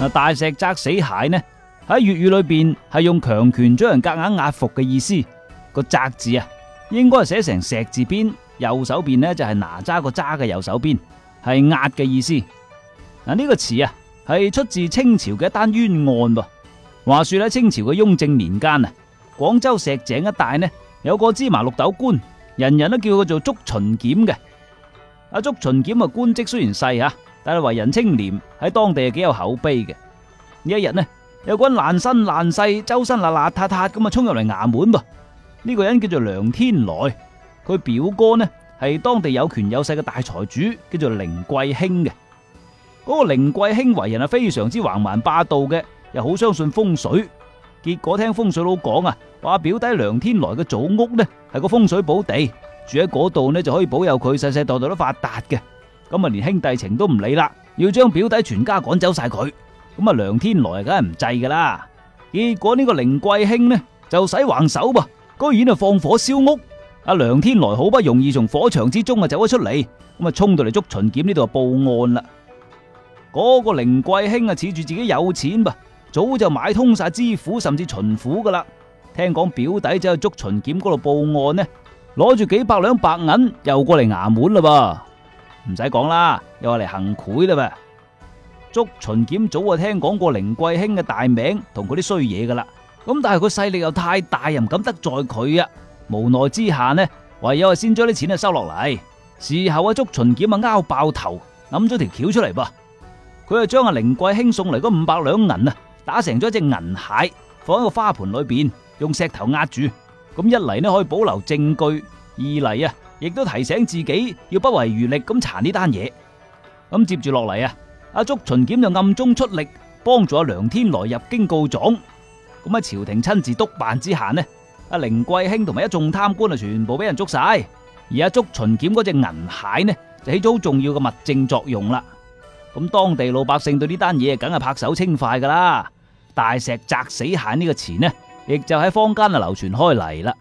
嗱，大石砸死蟹呢，喺粵語裏邊係用強權將人夾硬壓服嘅意思。個砸字啊，應該係寫成石字邊，右手邊呢就係、是、哪吒個吒嘅右手邊，係壓嘅意思。嗱、啊，呢、這個詞啊係出自清朝嘅一單冤案噃、啊。話說喺清朝嘅雍正年間啊，廣州石井一帶呢有個芝麻綠豆官，人人都叫佢做祝巡檢嘅。阿祝巡檢啊，官職雖然細吓。但係為人清廉，喺當地係幾有口碑嘅。呢一日呢，有個爛身爛世，周身邋邋遢遢咁啊衝入嚟衙門噃。呢、這個人叫做梁天來，佢表哥呢係當地有權有勢嘅大財主，叫做凌貴興嘅。嗰、那個凌貴興為人啊非常之橫蠻霸道嘅，又好相信風水。結果聽風水佬講啊，話表弟梁天來嘅祖屋呢係個風水寶地，住喺嗰度呢就可以保佑佢世世代、代代都發達嘅。咁啊，連兄弟情都唔理啦，要將表弟全家趕走晒佢。咁啊，梁天來梗係唔制噶啦。結果呢個凌貴興呢，就使橫手噃，居然就放火燒屋。阿、啊、梁天來好不容易從火場之中啊走咗出嚟，咁啊衝到嚟祝巡檢呢度報案啦。嗰、那個凌貴興啊，恃住自己有錢噃，早就買通晒知府甚至巡撫噶啦。聽講表弟即係祝巡檢嗰度報案呢，攞住幾百兩白銀又過嚟衙門啦噃。唔使講啦，又話嚟行賄啦噃。祝巡檢早就聽講過凌貴興嘅大名同佢啲衰嘢噶啦，咁但係佢勢力又太大，又唔敢得罪佢啊。無奈之下呢，唯有係先將啲錢啊收落嚟。事後啊，祝巡檢啊拗爆頭，諗咗條橋出嚟噃。佢啊將阿凌貴興送嚟嗰五百兩銀啊打成咗一隻銀蟹，放喺個花盆裏邊，用石頭壓住。咁一嚟呢可以保留證據，二嚟啊，亦都提醒自己要不遺餘力咁查呢單嘢。咁、嗯、接住落嚟啊，阿祝巡檢就暗中出力幫助阿、啊、梁天來入京告狀。咁、嗯、喺、嗯、朝廷親自督辦之下呢，阿、啊、凌貴興同埋一眾貪官就啊，全部俾人捉晒。而阿祝巡檢嗰隻銀蟹呢，就起咗好重要嘅物證作用啦。咁、嗯、當地老百姓對呢單嘢梗係拍手稱快噶啦。大石砸死蟹呢個詞呢，亦就喺坊間啊流傳開嚟啦。